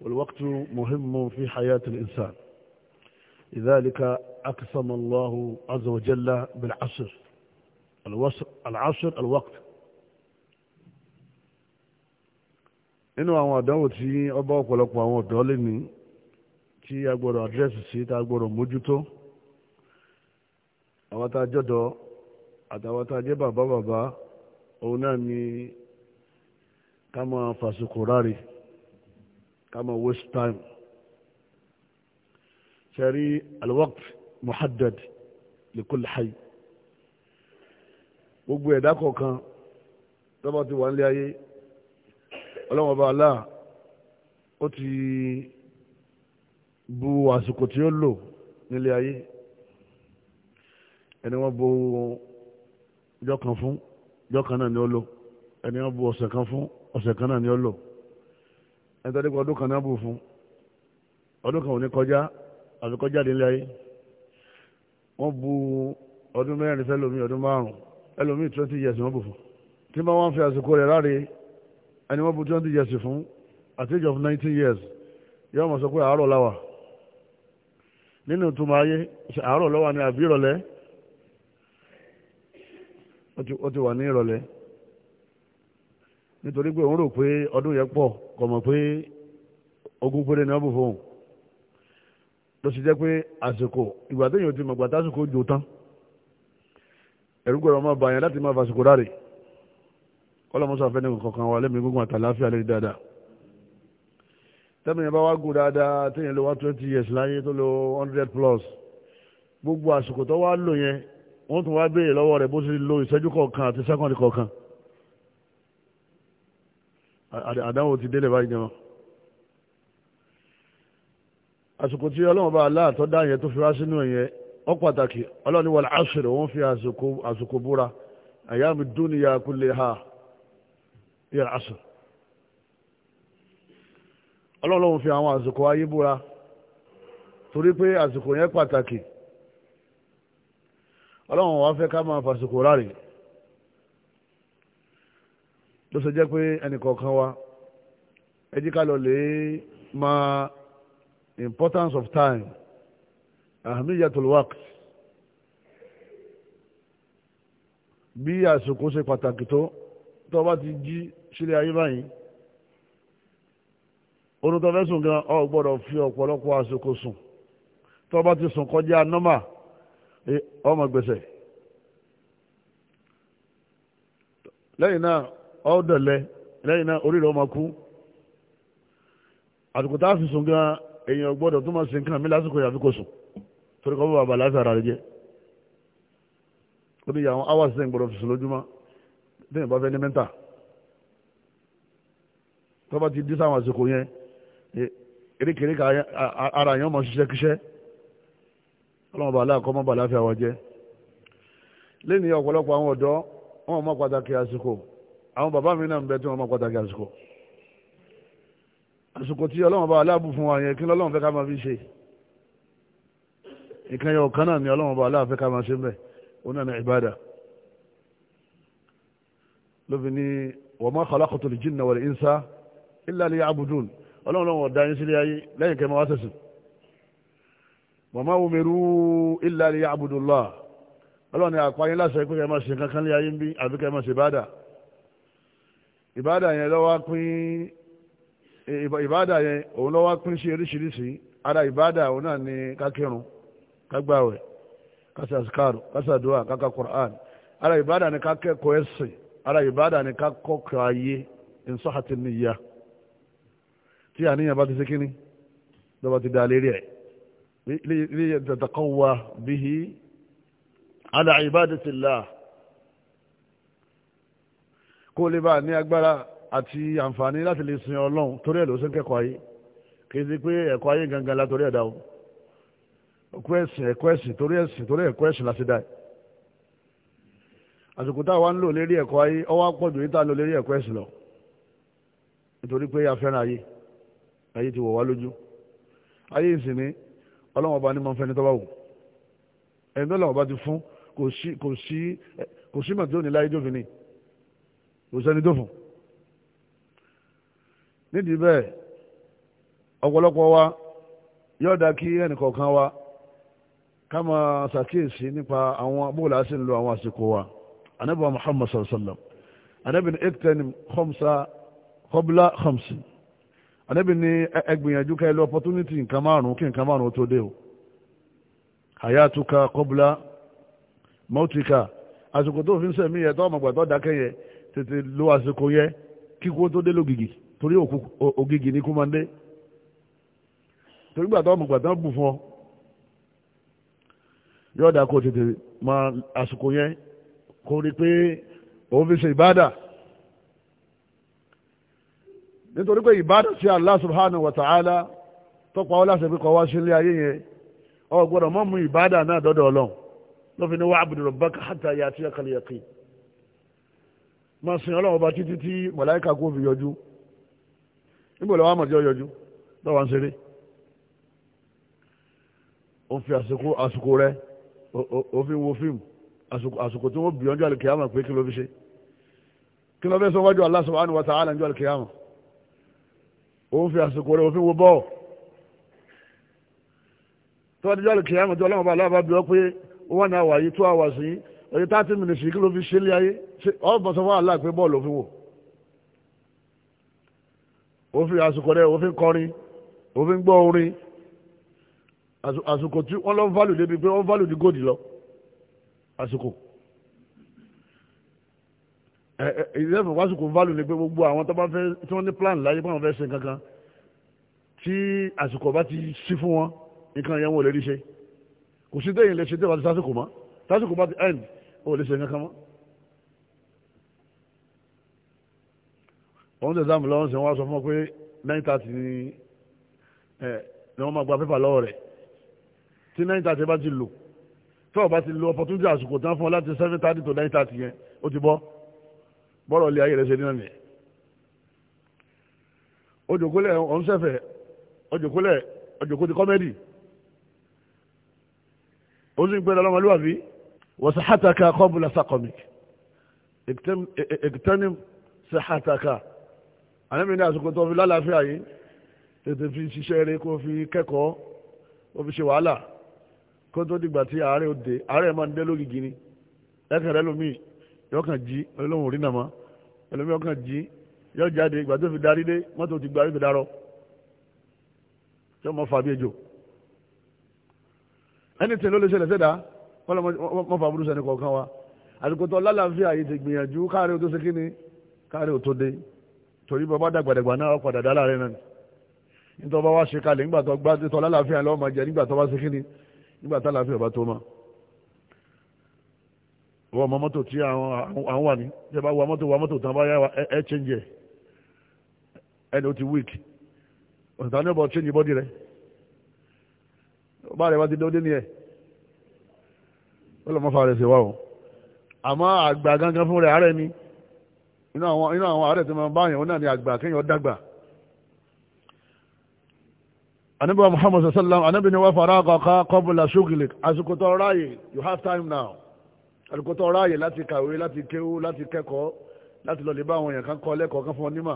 والوقت مهم في حياة الإنسان لذلك أقسم الله عز وجل بالعصر العصر الوقت inú àwọn àdánwò tí ọba ọ̀pọ̀lọpọ̀ àwọn ọ̀dọ́ lè ní tí a gbọ́dọ̀ àdírẹ́sì sí tá a gbọ́dọ̀ mójútó àwọn tá a jọ́dọ̀ àtàwọn tá jẹ́ bàbá bàbá òun náà ni ká máa fàṣùkò ráre كما máa waste time ṣẹ́rí alwaqt muhaddad likul hayy gbogbo ẹ̀dá kọ̀ọ̀kan tọ́ba ti wà nílé ayé ọlọ́wọ́n ọba aláà ó ti bu àsìkò tí ó lò nílé ayé ẹni wọ́n bu ọjọ́ kan fún ọjọ́ kan náà ni ó lò ẹni wọ́n bu ọ̀sẹ̀ kan fún ọ̀sẹ̀ kan náà ni ó lò nítorí pé ọdún kan náà bù fún ọdún kan ò ní kọjá àti kọjá délé ayé wọ́n bu ọdún mẹ́rin fẹ́ lómi ọdún márùn-ún twenty years wọ́n bù fún tí wọ́n wọ́n fi àsìkò rẹ̀ láre ẹni wọ́n bu twenty years fún at age of nineteen years yóò mọ̀ sọ pé àárọ̀ láwà nínú ìtumọ̀ ayé àárọ̀ lọ́wọ́ ni àbí ìrọ̀lẹ́ ó ti wà ní ìrọ̀lẹ́ nítorí pé òun rò pé ọdún yẹn pọ̀ kò mọ̀ pé ogún péré ni wọ́n bù fóun ló sì jẹ́ pé àsìkò ìgbà téèyàn ti mọ̀gbà tásìkò jò tán ẹ̀rú gbọ́dọ̀ máa bàyàn láti máa fàsìkò dáre kọ́lọ́mọ́sá fẹ́ni kankan wà lẹ́mìí gbogbo àtàláfíà lórí dáadáa tẹ́mi yẹn bá wá gùn dáadáa téèyàn lò wá twenty years láyé tó lò hundred plus gbogbo àsìkò tó wá lò yẹn wọ́n tún wá béèrè lọ́wọ́ rẹ̀ bó ṣe lo ìṣẹ́jú kọ̀ọ̀kan àti sẹ́kọ̀ndì kọ̀ọ̀kan àdáwò ti délé báyìí jẹun àsìkò tí ọlọ́run bá aláàtọ́ dá yẹn tó fi wá sínú ẹ̀yẹ ọ pàtàkì ọlọ́run ní wal asr wọ́n fi àsìkò búra àyàmì dúnìyà kullaha yẹ àṣì ọlọ́run fi àwọn àsìkò ayé búra torí pé àsìkò yẹn pàtàkì wá fẹ́ ká máa rárẹ̀ ló ṣe jẹ́ pé ẹnìkọ̀ọ̀kan wa ẹ jí ká lọ lè máa importance of time ahamiyatul waqt bí àsìkò ṣe pàtàkì tó tó bá ti jí sílẹ̀ ayé báyìí orun tó fẹ́ sùn gan o gbọ́dọ̀ fi ọ̀pọ̀lọpọ̀ àsìkò sùn tó bá ti sùn kọjá nọ́mà ọmọ gbèsè lẹ́yìn náà ọ̀dọ̀lẹ̀ lẹ́yìn náà orí rẹ̀ ọmọ kú àtùkù tá a fi sùn gan èèyàn gbọ́dọ̀ tó máa ṣe nǹkan mi lásìkò yàfi kò sùn torí kọ́ bàbá láti ara rẹ̀ jẹ́ ó ní ìyàwó hours ten gbọ́dọ̀ fi sùn lójúmọ́ tí ìbá fẹ́ ní mẹ́ta tó bá ti dí sáwọn àsìkò yẹn e, erékèréka ara yẹn ọmọ ṣiṣẹ́ kíṣẹ́ ọlọ́mọ bàálà kọ́ mọ́ bàálà fi àwọn jẹ́ lẹ́nu ọ̀pọ̀lọpọ̀ àwọn ọ̀dọ́ wọn mọ́ pàtàkì àsìkò àwọn bàbá mi náà ń bẹ tí wọ́n máa pàtàkì àsìkò àsìkò tí ọlọ́run bá aláàbù fún wa yẹn kí lọ́lọ́run fẹ́ ká máa fi ṣe ìkan yẹ ọ̀kan náà ni ọlọ́run bá aláàfẹ́ ká máa ṣe ń bẹ̀ ó náà ní ìbádà lóbi ní wa ma khalaqtul jinna wal insa illa liya'budun ọlọ́run lọ́wọ́ ọ̀dá yín sílé ayé lẹ́yìn kẹ́ máa wá sẹ̀sìn wa ma umiru illa liya'budullah ọlọ́run ni àpáyín láṣẹ ìbáàdà yẹn lọ́wọ́ pín ìbáàdà yẹn òun lọ́wọ́ pín sí oríṣiríṣi ara ìbáàdà òun náà ni kákírun kágbàwẹ̀ kásàsíkàrù kásàdúà káka Qur'an ara ìbáàdà ni kákẹ́kọ̀ọ́ ẹ̀sìn ara ìbáàdà ni kákọ́kọ́ ayé ìsọ́hàtì níyà tí àníyàn bá ti ṣe kíní lọ́ba ti dá lérí ẹ̀ lè tẹ̀tẹ̀kọ́ wa bíi ala ibadatillah kó lè bá ní agbára àti àǹfààní láti lè sin ọlọ́run torí ẹ̀ ló sún kẹ́kọ̀ọ́ ayé kì í ṣe pé ẹ̀kọ́ ayé gangan la torí ẹ̀dá o ẹ̀kọ́ ẹ̀sìn ẹ̀kọ́ ẹ̀sìn torí ẹ̀sìn torí ẹ̀kọ́ ẹ̀sìn la ṣe dá ẹ̀ àsìkò tá a wá ń lò lérí ẹ̀kọ́ ayé ọwọ́ pọ̀jù yìí tá a lò lérí ẹ̀kọ́ ẹ̀sìn lọ nítorí pé a fẹ́ràn ayé ayé ti wọ̀ wá lójú ayé ìsìn ni ọlọ́run ọba ní kò sẹ́ni tó fún nídìí bẹ́ẹ̀ ọ̀pọ̀lọpọ̀ wa yóò dá kí ẹnìkọ̀ọ̀kan wa ká máa ṣàkíyèsí nípa àwọn bóòlù àti ìlú àwọn àsìkò wa anábì wa muhammad sallallahu sallam anábì ní ekitanim khamsa qabla khamsi anábì ní ẹgbìyànjú ká ẹlú opportunity nǹkan márùn kí nǹkan márùn tó dé o hayatuka qabla mautika àsìkò tó fi ń sẹ̀mí yẹ tó ọmọ gbàtọ́ dákẹ́yẹ tètè ló àsìkò yẹ kíkó tó dé lógìgì torí ògìgì ní kú máa ń dé torí gbàtọ́ ọmọ gbàtọ́ bù fún ọ yóò dà kó tètè máa àsìkò yẹn kó rí pé òun fi ṣe ìbádà nítorí pé ìbádà sí Allah subhanahu wa ta'ala tọ́pọ̀ àwọn láṣẹ pé kọ́ wá sílé ayé yẹn o gbọ́dọ̀ mọ́ mú ìbádà náà dọ́dọ̀ ọlọ́run ló fi ní wa'budu rabbaka hatta ya'tiyakal yaqin máa sin ọlọ́run ọba títí tí màláìka kó fi yọjú níbo lọ́wọ́ àmọ̀ tí ó yọjú lọ́wọ́ ń o ó fi àsìkò àsìkò rẹ ó fi wo fíìmù àsìkò tí wọ́n bì ọjọ́ àlùkìyàmọ̀ pé kí ló fi ṣe kí ló fẹ́ sọ wájú Allah subhanahu wa ta'ala ọjọ́ àlùkìyàmọ̀ ó fi àsìkò rẹ o fi wo bọ́ọ̀ tó wájú àlùkìyàmọ̀ tí ọlọ́run ọba aláàbá bí ọ pé one hour yìí two hours yìí oye tati minutes kí ló fi ṣe lé ayé ọ̀bọ̀n sọ fún àlá pé bọ́ọ̀lù òfin wò òfin àsìkò rẹ̀ òfin kọrin òfin gbọ́ orin àsìkò tí wọ́n lọ ń fálù débi pé wọ́n fálù di góòdì lọ àsìkò ìrẹ́fẹ̀ wásìkò ń fálù ni pé gbogbo àwọn tó bá fẹ́ tí wọ́n ní plan láyé pé àwọn fẹ́ ṣe kankan tí àsìkò bá ti sí fún wọn nǹkan yẹn wọn ò lè rí ṣe kò sí déyìn lè ṣe déwà sí sásìkò mọ́ sásìkò bá ti end ó lè ṣe kankan mọ́ wọ́n ń tẹ̀sán mi lọ́wọ́ sí wọ́n sọ fún ọ pé nine thirty ni ẹ ni wọ́n máa gba pépà lọ́wọ́ rẹ̀ tí nine thirty bá ti lò tó o bá ti lo opportunity àsìkò tán fún ọ láti seven thirty to nine thirty yẹn ó ti bọ́ bọ́rọ̀ ilé ayé rẹ̀ ṣe nínú nìyẹn ojòkólẹ̀ ọ̀nsẹ̀fẹ̀ ojòkólẹ̀ ojòkó ti kọ́mẹ́dì ó sì ń pẹ́ lọ́mọlúwàbí. وصحتك قبل سقمك اغتنم صحتك أنا من الناس كنت في لا في أي في شيشيري كو في كيكو وفي شوالا كنت ديgbà tí àárẹ̀ òde àárẹ̀ máa ń dé lógìgì ni ẹkẹrẹ lómi yóò kàn jí olóhùn rí nàmá ẹlòmí yóò kàn jí yóò jáde ìgbà tó fi darí dé mọ́tò ti gbarí fi darọ tí wọ́n fàbí ejò ẹni tí ló lè ṣẹlẹ̀ sẹ́dá wọ́n fà burú sẹ́ni kọ̀ọ̀kan wa àdìkòtò lálàáfíà yìí ti gbìyànjú káàrí o tó ṣe kíni káàrí o tó dé torí bàbá dàgbàdàgbà náà wọ́n padà dálà rẹ̀ náà nítorí bá wá ṣe kalẹ̀ nígbà tó gbá tó lálàáfíà lọ́wọ́ máa jẹ nígbà tó bá ṣe kíni nígbà tó lálàáfíà bá tó ma. wọ́n mọ mọ́tò tí àwọn wà ní ṣe bá wa mọ́tò wa mọ́tò tán bá yá ẹ change ọlọ́mọ́fà rẹ̀ ṣe wá o àmọ́ àgbà gangan fún rẹ̀ ààrẹ ni inú àwọn ààrẹ tí wọ́n bá náà ni àgbà kéèyàn dàgbà anabi wa muhammad sallam anabi ni wa faraqa ka qabla shughlik àsìkò tó you have time now àsìkò tó láti kàwé láti kéwú láti kẹ́kọ̀ọ́ láti lọ lè bá àwọn èèyàn kọ́ lẹ́kọ̀ọ́ kan fún ọ nímà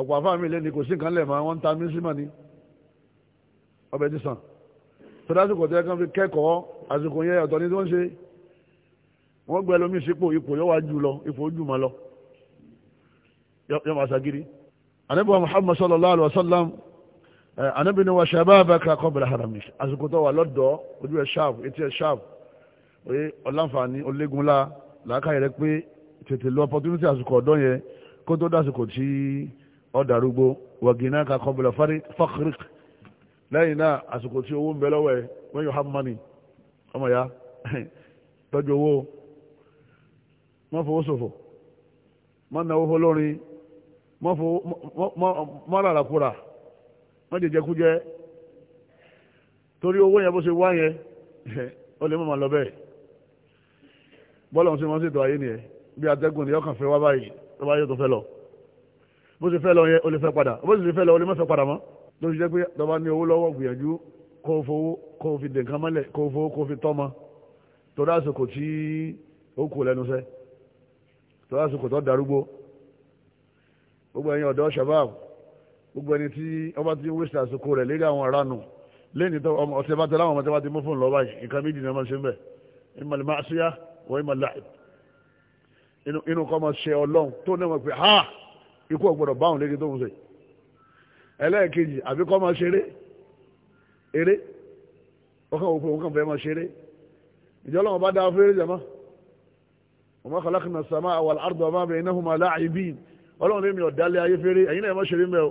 ọ̀pọ̀ àfáà mi lẹ́ni kò sí nǹkan lẹ̀ máa wọ́n ń ta mísímà ni ọbẹ̀ ti sàn tó lásìkò tó yẹ kán fi kẹ́kọ̀ọ́ àsìkò yẹn ọ̀tọ̀ ní tó ń ṣe wọ́n gbé ẹlòmíì sípò ipò yóò wá jù lọ ipò ojú mọ́ lọ yóò máa ṣàgírí. wa muhammad sallallahu alayhi wa sallam eh, ànábì ni wa shababaka qabla haramik àsìkò tó wà lọ́dọ̀ ojú ẹ̀ ṣáàbù etí ẹ̀ ṣáàbù oye ọ̀làǹfààní olégunlá làákàyè rẹ pé tètè lo opportunity àsìkò ọ̀dọ́ yẹn kó tó dásìkò tí ọ̀dàrúgbó wàgínà ka qabla lẹ́yìn náà àsìkò tí owó ń bẹ lọ́wọ́ ẹ̀ when you have money ọmọ ya tọ́jú owó mọ́ fowó ṣòfò mọ́ náwó fọlọ́rin mọ́ ràràkúrà mọ́ jẹjẹkújẹ torí owó yẹn bó ṣe wá yẹn ó lè mọ̀ mà lọ bẹ́ẹ̀ bọ́lá ọ̀hún sí mọ́ sí ètò ayé nìyẹn bí atẹ́gùn nìyẹn ọkàn fẹ́ wá báyìí tó yóò tó fẹ́ lọ bó ṣe fẹ́ lọ yẹn ó lè fẹ́ padà bó ṣe fẹ́ lọ ó lè má fẹ́ padà mọ́ ló fi jẹ́ pé tọba ní owó lọ́wọ́ gbìyànjú kó fowó kó fi dèǹkan mọ́lẹ̀ kó fowó kó fi tọ́mọ torí àsìkò tí ó kù lẹ́nu sẹ́ torí àsìkò tó darúgbó gbogbo ẹ̀yin ọ̀dọ́ shabab gbogbo ẹni tí ọba ti ń wíṣẹ̀ àsìkò rẹ̀ lérí àwọn aránù lẹ́yìn tó ọ̀sẹ̀ bá tẹ láwọn ọmọ tí wọ́n ti mú fún lọ́wọ́ yìí nǹkan méjì ni wọ́n ṣe ń bẹ̀ ìmọ̀ lè máa ṣíyá wọ́n ìmọ̀ láì inú kọ́ máa ṣe ọlọ́run tó náà wọ́n pè ha ikú ọ̀gbọ̀dọ̀ báwọn lérí tó ń sèyí ẹlẹ́ẹ̀kejì àbí kọ́ máa ṣeré eré ọkàn òkú òkú fẹ́ máa ṣeré ìjọba wọn bá dá fún eré jama wọn bá kọlá kìnnà sàmà àwọn àrùdọ̀ máa bẹ̀rẹ̀ ináhùn máa láàyè bíi ọlọ́run ní mi ọ̀dálẹ̀ ayé fèrè ẹ̀yin náà ẹ̀ máa ṣeré mẹ́ o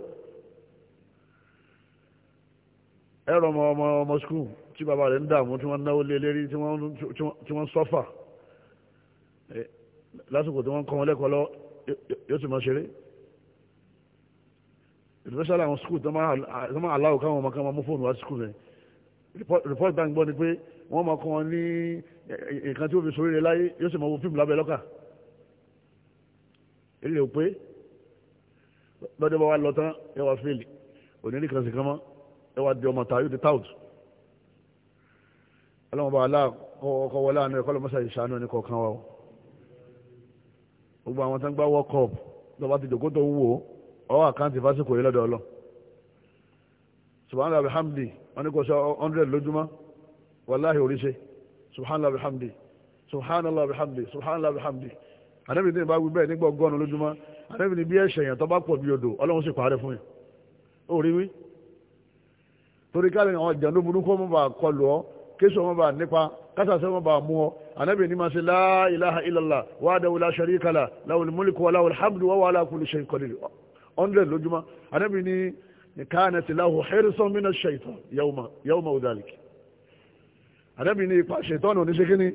ẹ̀rọ ọmọ ọmọ skul tí bàbá rẹ̀ ń dààmú tí wọ́n náwó lé lérí tí wọ́n sọ́fà lásìkò tí wọ́n kọ́ wọn lẹ́kọ̀ọ́ lọ yóò sì máa ṣeré especially àwọn skul tó máa aláwọ̀ káwọn ọmọ kan máa mú fóònù wá skul rẹ̀ report bank gbọ́ ni pé wọ́n máa kọ́ wọn ní nǹkan tí ó fi sórí rẹ̀ láyé yóò sì máa wo fíìmù lábẹ́ lọ́kà èlé ò pé lọ́jọ́ bá wá lọ tán ẹ wá fèlè òní ní kan sì kan mọ́ ẹ wá di ọmọ tààyò di tout ọlọ́mọba aláàkọ́ wọlé àánú ẹ̀kọ́ lọ́mọ́sá ìṣàánú ẹni kọ̀ọ̀kan wa o gbogbo àwọn tán gbá world cup lọ́ba ti jòkó tó ń wò ó ọwọ́ àkáǹtì fásitì kò yí lọ́dọ̀ ọlọ́ subhanallah alhamdi wọn ni kò sọ 100 lójúmọ́ wàláhì oríṣẹ́ subhanallah alhamdi subhanallah alhamdi subhanallah alhamdi àdẹ́bì ní ìbá wíbẹ̀ nígbà ọgọ́rùn lójúmọ́ àdẹ́bì ní bí ẹ̀ṣẹ̀ èèyàn tó bá pọ̀ bí odò ọlọ́run sì parẹ́ fún yẹn ó rí wí torí káàlì àwọn ìjàndó burúkú ọmọ bá kọlù ọ kéṣù ọmọ bá nípa kásàṣẹ́ ọmọ bá mú ọ àdẹ́bì ní máa ṣe la ilaha illallah wahdahu la sharika lah lahul mulku wa lahul hamdu hundred lójúmọ́ anábì ní nìkan àti láhù hẹ́rìsán mí náà ṣètàn yawma udalik anábì ní ipa ṣètàn òní ṣe kíní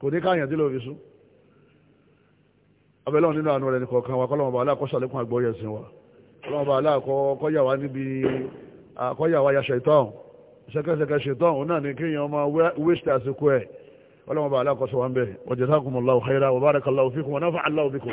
kò ní káyàn dílé òfin sún abẹ́lẹ́ nínú àánú rẹ̀ nìkan kan wa kọ́lọ́mọ̀ bá aláàkọ́ sàlékún àgbọ́yẹ̀ sí wa kọ́lọ́mọ̀ bá aláàkọ́ kọ́yàwá níbi àkọ́yàwá ya ṣètàn ṣẹkẹṣẹkẹ ṣètàn òun náà ní kíyàn ọmọ wíṣítà àsìkò ẹ̀ kọ́lọ́mọ̀ bá aláàkọ́ sọ wa ń bẹ̀ wa jazakumullahu khairan wa barakallahu fikum wa nafa'a Allahu bikum